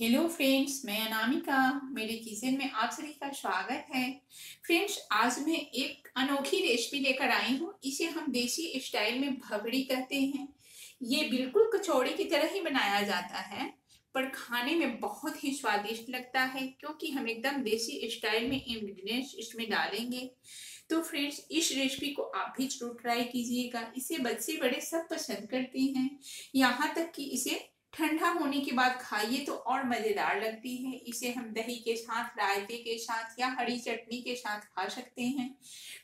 hello friends मैं अनामिका मेरे kitchen में आप सभी का स्वागत है फ्रेंड्स आज मैं एक अनोखी रेसिपी लेकर आई हूँ इसे हम देसी स्टाइल में भबड़ी कहते हैं ये बिल्कुल कचौड़ी की तरह ही बनाया जाता है पर खाने में बहुत ही स्वादिष्ट लगता है क्योंकि हम एकदम देसी स्टाइल में इंग्रीडियंट्स इसमें डालेंगे तो फ्रेंड्स इस रेसिपी को आप भी जरूर ट्राई कीजिएगा इसे बच्चे बड़े सब पसंद करते हैं यहाँ तक कि इसे ठंडा होने के बाद खाइए तो और मज़ेदार लगती है इसे हम दही के साथ रायते के साथ या हरी चटनी के साथ खा सकते हैं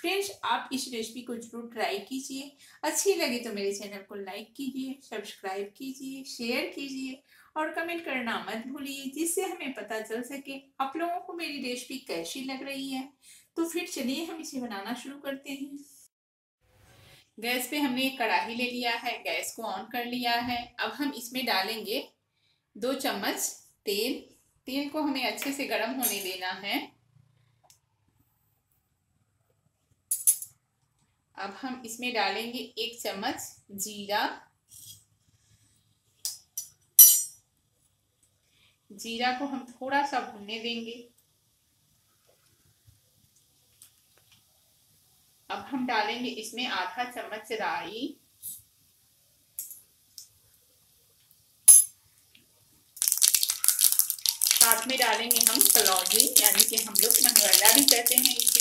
फ्रेंड्स आप इस रेसिपी को ज़रूर ट्राई कीजिए अच्छी लगे तो मेरे चैनल को लाइक कीजिए सब्सक्राइब कीजिए शेयर कीजिए और कमेंट करना मत भूलिए जिससे हमें पता चल सके आप लोगों को मेरी रेसिपी कैसी लग रही है तो फिर चलिए हम इसे बनाना शुरू करते हैं गैस पे हमने एक कढ़ाही ले लिया है गैस को ऑन कर लिया है अब हम इसमें डालेंगे दो चम्मच तेल तेल को हमें अच्छे से गर्म होने देना है अब हम इसमें डालेंगे एक चम्मच जीरा जीरा को हम थोड़ा सा भुनने देंगे अब हम डालेंगे इसमें आधा चम्मच राई साथ में डालेंगे हम कलौजी यानी कि हम लोग मंगला भी कहते हैं इसे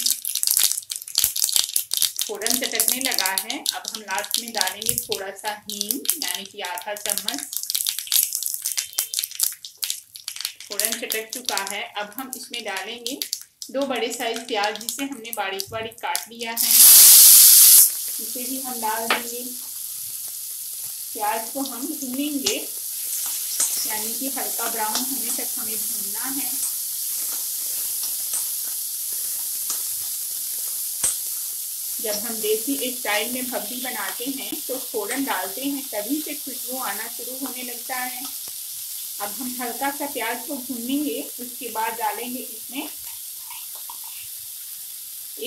फोरन चटकने लगा है अब हम लास्ट में डालेंगे थोड़ा सा हींग यानी कि आधा चम्मच फोरन चटक चुका है अब हम इसमें डालेंगे दो बड़े साइज प्याज जिसे हमने बारीक बारीक काट लिया है इसे भी हम डाल देंगे प्याज को हम भूनेंगे यानी कि हल्का ब्राउन होने तक हमें भूनना है जब हम देसी स्टाइल में भब्बी बनाते हैं तो फोरन डालते हैं तभी से खुशबू आना शुरू होने लगता है अब हम हल्का सा प्याज को भूनेंगे उसके बाद डालेंगे इसमें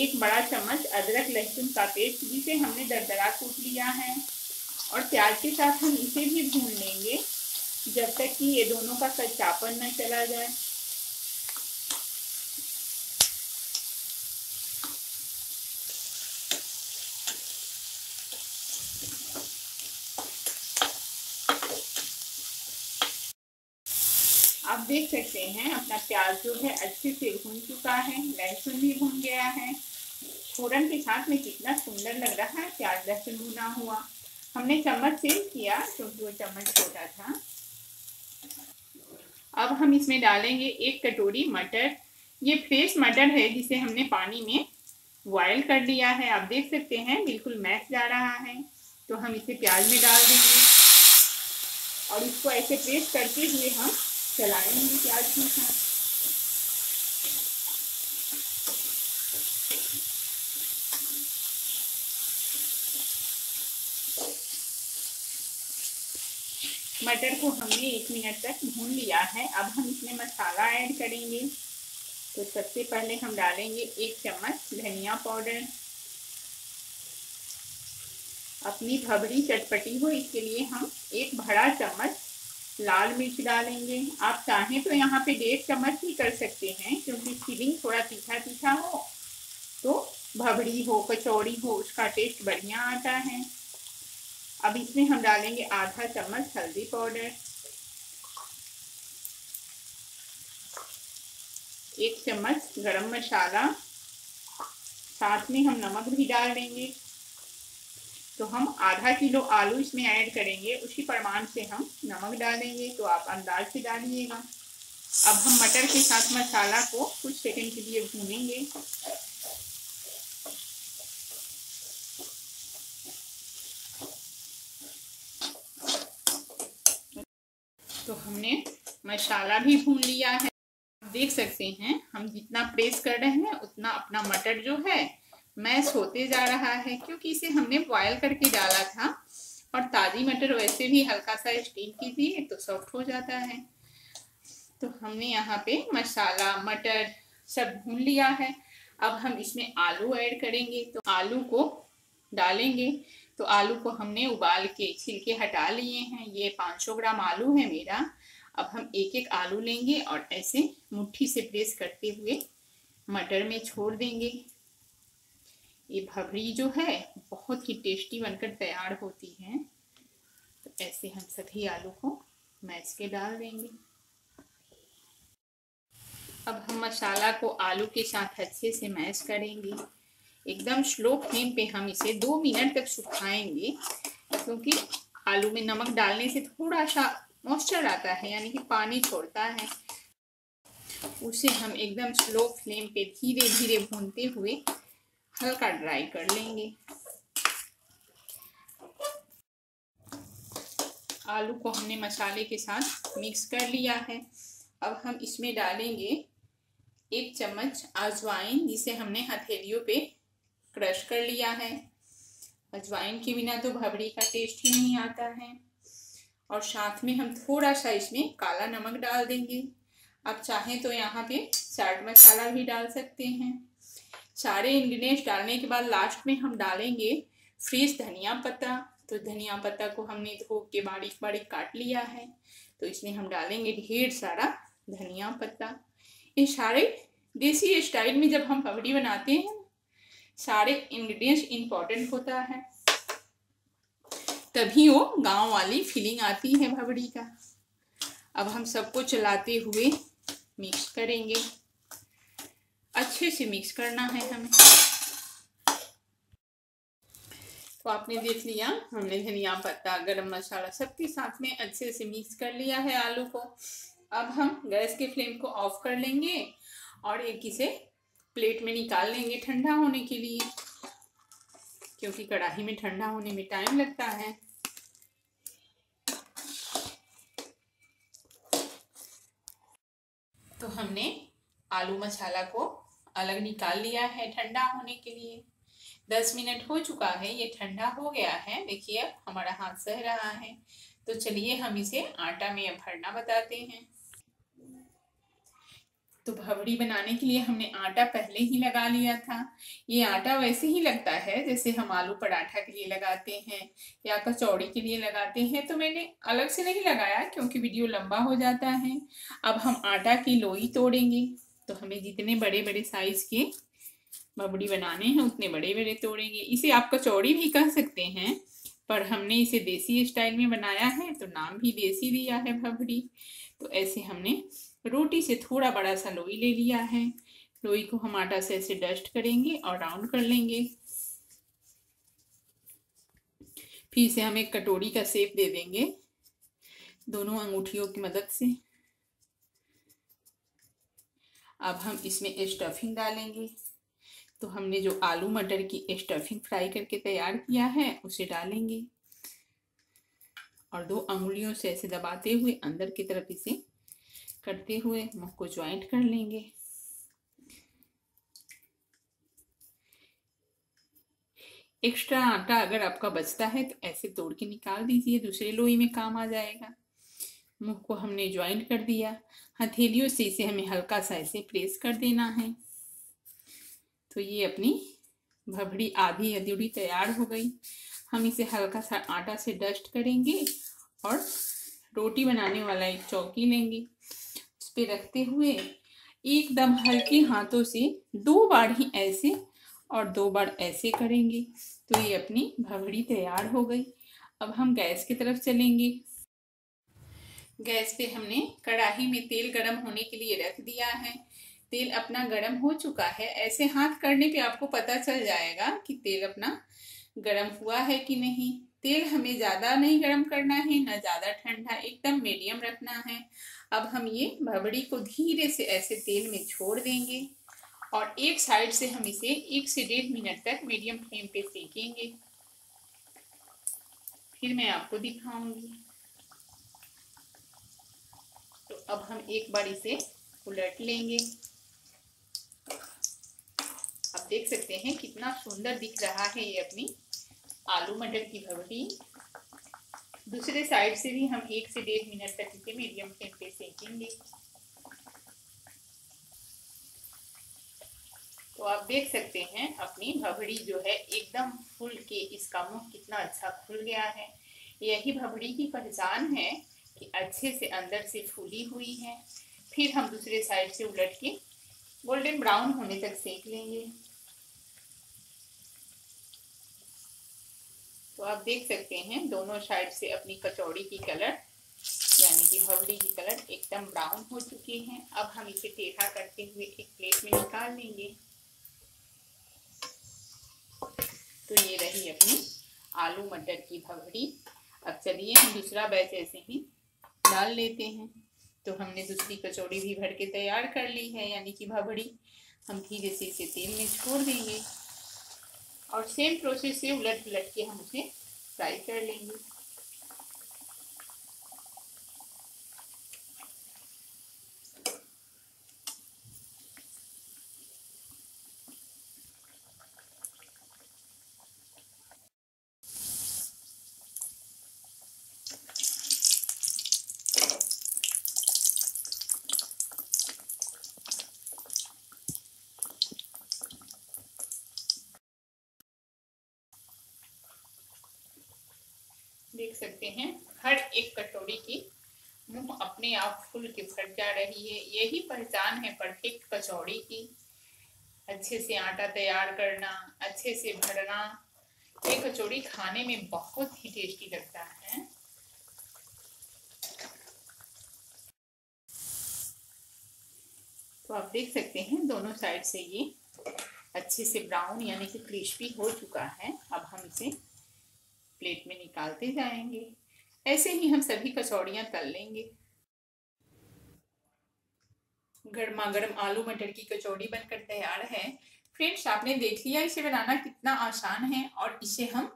एक बड़ा चम्मच अदरक लहसुन का पेस्ट जिसे हमने दरदरा कूट लिया है और प्याज के साथ हम इसे भी भून लेंगे जब तक कि ये दोनों का कच्चापन न चला जाए आप देख सकते हैं अपना प्याज जो है अच्छे से भून चुका है लहसुन भी भून गया है फोरन के साथ में कितना सुंदर लग रहा है प्याज लहसुन भुना हुआ हमने चम्मच से किया क्योंकि वो चम्मच छोटा था अब हम इसमें डालेंगे एक कटोरी मटर ये फ्रेश मटर है जिसे हमने पानी में बॉयल कर लिया है आप देख सकते हैं बिल्कुल मैच जा रहा है तो हम इसे प्याज में डाल देंगे और इसको ऐसे प्रेस करते हुए हम चलाएंगे प्याज के साथ मटर को हमने एक मिनट तक भून लिया है अब हम इसमें मसाला ऐड करेंगे तो सबसे पहले हम डालेंगे एक चम्मच धनिया पाउडर अपनी भबरी चटपटी हो इसके लिए हम एक बड़ा चम्मच लाल मिर्च डालेंगे आप चाहें तो यहाँ पे डेढ़ चम्मच भी कर सकते हैं क्योंकि फिलिंग थोड़ा तीखा तीखा हो तो भबड़ी हो कचौड़ी हो उसका टेस्ट बढ़िया आता है अब इसमें हम डालेंगे आधा चम्मच हल्दी पाउडर एक चम्मच गरम मसाला साथ में हम नमक भी डाल देंगे तो हम आधा किलो आलू इसमें ऐड करेंगे उसी प्रमाण से हम नमक डालेंगे तो आप अंदाज से डालिएगा अब हम मटर के साथ मसाला को कुछ सेकंड के लिए भूनेंगे तो हमने मसाला भी भून लिया है आप देख सकते हैं हम जितना प्रेस कर रहे हैं उतना अपना मटर जो है मैश होते जा रहा है क्योंकि इसे हमने बॉयल करके डाला था और ताज़ी मटर वैसे भी हल्का सा स्टीम कीजिए तो सॉफ्ट हो जाता है तो हमने यहाँ पे मसाला मटर सब भून लिया है अब हम इसमें आलू ऐड करेंगे तो आलू को डालेंगे तो आलू को हमने उबाल के छिलके हटा लिए हैं ये 500 ग्राम आलू है मेरा अब हम एक एक आलू लेंगे और ऐसे मुट्ठी से प्रेस करते हुए मटर में छोड़ देंगे ये भबरी जो है बहुत ही टेस्टी बनकर तैयार होती है तो ऐसे हम सभी आलू को मैच के डाल देंगे अब हम मसाला को आलू के साथ अच्छे से मैश करेंगे एकदम स्लो फ्लेम पे हम इसे दो मिनट तक सुखाएंगे क्योंकि आलू में नमक डालने से थोड़ा सा मॉइस्चर आता है यानी कि पानी छोड़ता है उसे हम एकदम स्लो फ्लेम पे धीरे धीरे भूनते हुए हल्का ड्राई कर लेंगे आलू को हमने मसाले के साथ मिक्स कर लिया है अब हम इसमें डालेंगे एक चम्मच अजवाइन जिसे हमने हथेलियों पे क्रश कर लिया है अजवाइन के बिना तो भबड़ी का टेस्ट ही नहीं आता है और साथ में हम थोड़ा सा इसमें काला नमक डाल देंगे आप चाहें तो यहाँ पे चाट मसाला भी डाल सकते हैं सारे इंग्रेडिएंट्स डालने के बाद लास्ट में हम डालेंगे फ्रीज धनिया पत्ता तो धनिया पत्ता को हमने धो के बारीक बारीक काट लिया है तो इसमें हम डालेंगे ढेर सारा धनिया पत्ता ये सारे देसी स्टाइल में जब हम पबड़ी बनाते हैं सारे इंग्रेडिएंट्स इंपॉर्टेंट होता है तभी वो गांव वाली फीलिंग आती है भवड़ी का अब हम सबको चलाते हुए मिक्स करेंगे अच्छे से मिक्स करना है हमें तो आपने देख लिया हमने धनिया पत्ता गरम मसाला सबके साथ में अच्छे से मिक्स कर लिया है आलू को अब हम गैस के फ्लेम को ऑफ कर लेंगे और एक इसे प्लेट में निकाल लेंगे ठंडा होने के लिए क्योंकि कढ़ाई में ठंडा होने में टाइम लगता है तो हमने आलू मसाला को अलग निकाल लिया है ठंडा होने के लिए दस मिनट हो चुका है ये ठंडा हो गया है देखिए अब हमारा हाथ सह रहा है तो चलिए हम इसे आटा में भरना बताते हैं तो भवड़ी बनाने के लिए हमने आटा पहले ही लगा लिया था ये आटा वैसे ही लगता है जैसे हम आलू पराठा के लिए लगाते हैं या कचौड़ी के लिए लगाते हैं तो मैंने अलग से नहीं लगाया क्योंकि वीडियो लंबा हो जाता है अब हम आटा की लोई तोड़ेंगे तो हमें जितने बड़े बड़े साइज के बबड़ी बनाने हैं उतने बड़े बड़े तोड़ेंगे इसे आप कचौड़ी भी कह सकते हैं पर हमने इसे देसी स्टाइल में बनाया है तो नाम भी देसी दिया है भबड़ी तो ऐसे हमने रोटी से थोड़ा बड़ा सा लोई ले लिया है लोई को हम आटा से ऐसे डस्ट करेंगे और राउंड कर लेंगे फिर इसे हम एक कटोरी का सेप दे देंगे दोनों अंगूठियों की मदद से अब हम इसमें स्टफिंग डालेंगे तो हमने जो आलू मटर की स्टफिंग फ्राई करके तैयार किया है उसे डालेंगे और दो अंगुलियों से ऐसे दबाते हुए अंदर की तरफ इसे करते हुए मुख को ज्वाइंट कर लेंगे एक्स्ट्रा आटा अगर आपका बचता है तो ऐसे तोड़ के निकाल दीजिए दूसरे लोई में काम आ जाएगा मुंह को हमने ज्वाइंट कर दिया हथेलियों से इसे हमें हल्का सा ऐसे प्रेस कर देना है तो ये अपनी भभड़ी आधी अधूरी तैयार हो गई हम इसे हल्का सा आटा से डस्ट करेंगे और रोटी बनाने वाला एक चौकी लेंगे उस पर रखते हुए एकदम हल्के हाथों से दो बार ही ऐसे और दो बार ऐसे करेंगे तो ये अपनी भभड़ी तैयार हो गई अब हम गैस की तरफ चलेंगे गैस पे हमने कढ़ाही में तेल गरम होने के लिए रख दिया है तेल अपना गरम हो चुका है ऐसे हाथ करने पे आपको पता चल जाएगा कि तेल अपना गरम हुआ है कि नहीं तेल हमें ज़्यादा नहीं गरम करना है ना ज़्यादा ठंडा एकदम मीडियम रखना है अब हम ये भबड़ी को धीरे से ऐसे तेल में छोड़ देंगे और एक साइड से हम इसे एक से डेढ़ मिनट तक मीडियम फ्लेम पे सेकेंगे फिर मैं आपको दिखाऊंगी अब हम एक बार इसे उलट लेंगे आप देख सकते हैं कितना सुंदर दिख रहा है ये अपनी आलू मटर की भवरी दूसरे साइड से भी हम एक से डेढ़ मिनट तक इसे मीडियम फ्लेम पे सेकेंगे तो आप देख सकते हैं अपनी भबड़ी जो है एकदम फुल के इसका मुंह कितना अच्छा खुल गया है यही भबड़ी की पहचान है कि अच्छे से अंदर से फूली हुई है फिर हम दूसरे साइड से उलट के गोल्डन ब्राउन होने तक सेक लेंगे तो आप देख सकते हैं दोनों साइड से अपनी कचौड़ी की कलर यानी कि हवड़ी की कलर एकदम ब्राउन हो चुकी है अब हम इसे टेढ़ा करते हुए एक प्लेट में निकाल लेंगे तो ये रही अपनी आलू मटर की भवड़ी अब चलिए हम दूसरा बैच ऐसे ही डाल लेते हैं तो हमने दूसरी कचौड़ी भी भर के तैयार कर ली है यानी कि भाभड़ी हम धीरे से इसे तेल में छोड़ देंगे और सेम प्रोसेस से उलट पुलट के हम उसे फ्राई कर लेंगे सकते हैं हर एक कटोरी की मुंह अपने आप फूल के फट जा रही है यही पहचान है परफेक्ट कचौड़ी की अच्छे से आटा तैयार करना अच्छे से भरना ये कचौड़ी खाने में बहुत ही टेस्टी लगता है तो आप देख सकते हैं दोनों साइड से ये अच्छे से ब्राउन यानी कि क्रिस्पी हो चुका है अब हम इसे प्लेट में निकालते जाएंगे ऐसे ही हम सभी कचौड़ियाँ तल लेंगे गर्मा गर्म आलू मटर की कचौड़ी बनकर तैयार है फ्रेंड्स आपने देख लिया इसे बनाना कितना आसान है और इसे हम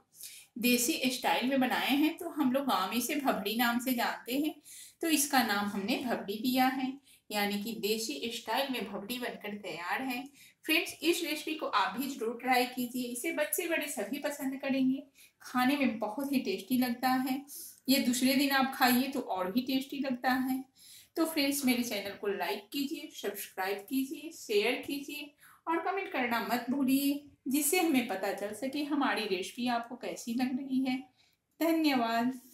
देसी स्टाइल में बनाए हैं तो हम लोग गाँव में इसे भबड़ी नाम से जानते हैं तो इसका नाम हमने भबड़ी दिया है यानी कि देशी स्टाइल में भवड़ी बनकर तैयार है फ्रेंड्स इस रेसिपी को आप भी जरूर ट्राई कीजिए इसे बच्चे बड़े सभी पसंद करेंगे खाने में बहुत ही टेस्टी लगता है ये दूसरे दिन आप खाइए तो और भी टेस्टी लगता है तो फ्रेंड्स मेरे चैनल को लाइक कीजिए सब्सक्राइब कीजिए शेयर कीजिए और कमेंट करना मत भूलिए जिससे हमें पता चल सके हमारी रेसिपी आपको कैसी लग रही है धन्यवाद